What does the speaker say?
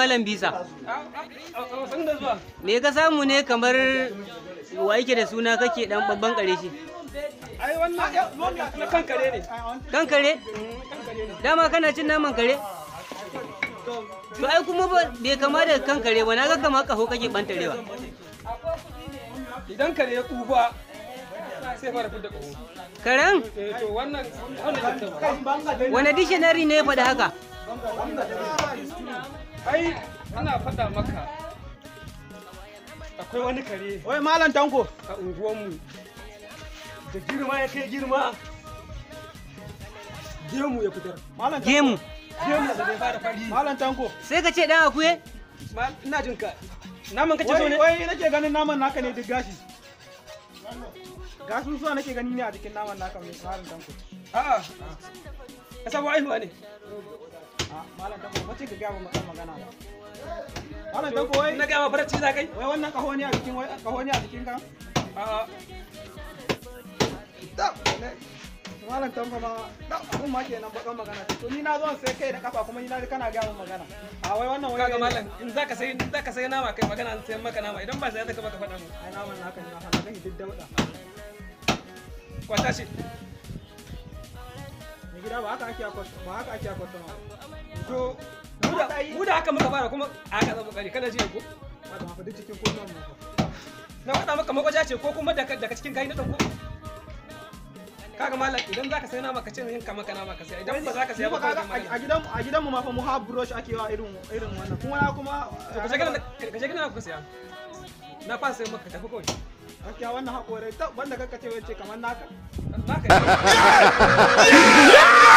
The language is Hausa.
malam bisa me ka samu ne kamar wa yake da suna kake dan babban kare shi ai wannan kan kare ne kan kare dama kana cin naman kare to ai kuma bai kama da kan kare ba na ga kama kaho kake bantarewa idan kare ya kufa karan fara fidda eh, wani dictionary ne ya faɗi haka ai ana faɗa maka akwai wani kare wai malam tanko a unguwanmu da girma ya kai girma gemu ya fitar gemu gemu da bai fara fari malam tanko sai ka ce dan akuye ina jin ka naman kace so ne wai nake ganin naman naka ne duk gashi ga sun zuwa nake gani ne a jikin naman naka mai tsarin tanko a'a ka sabo aihuwa ne malam tanko ba ce ka gaya ba magana ba malam tanko wai na gaya ma barci za kai wai wannan kaho ne a jikin wai kaho ne a jikin ka a'a da malam tanko ma da abun ma kenan bakan magana to ni na zo sai kai da kafa kuma ni na kana gaya mu magana a wai wannan wai kaga malam in zaka sai in zaka sai nama kai magana sai maka nama idan ba sai zaka baka faɗa mu ai naman naka ne na hana kai duk dauda kwata shi gida ba haka ake akwata ba haka ake akwata ma to mu da haka muka fara kuma a haka zama kare kana ji ko ba da na maka makwaja ce ko kuma daga cikin kayi na kaga malam idan zaka sai nama ka ce yin kama kana maka sai idan ba zaka sai ba a gidan a gidan mu ma fa mu ha brush ake wa irin irin wannan kuma na kuma ka je ka je gidan saya na fasa maka tafi kawai gaskiya wannan haƙorai ta wanda kaka ce wace kamar naka naka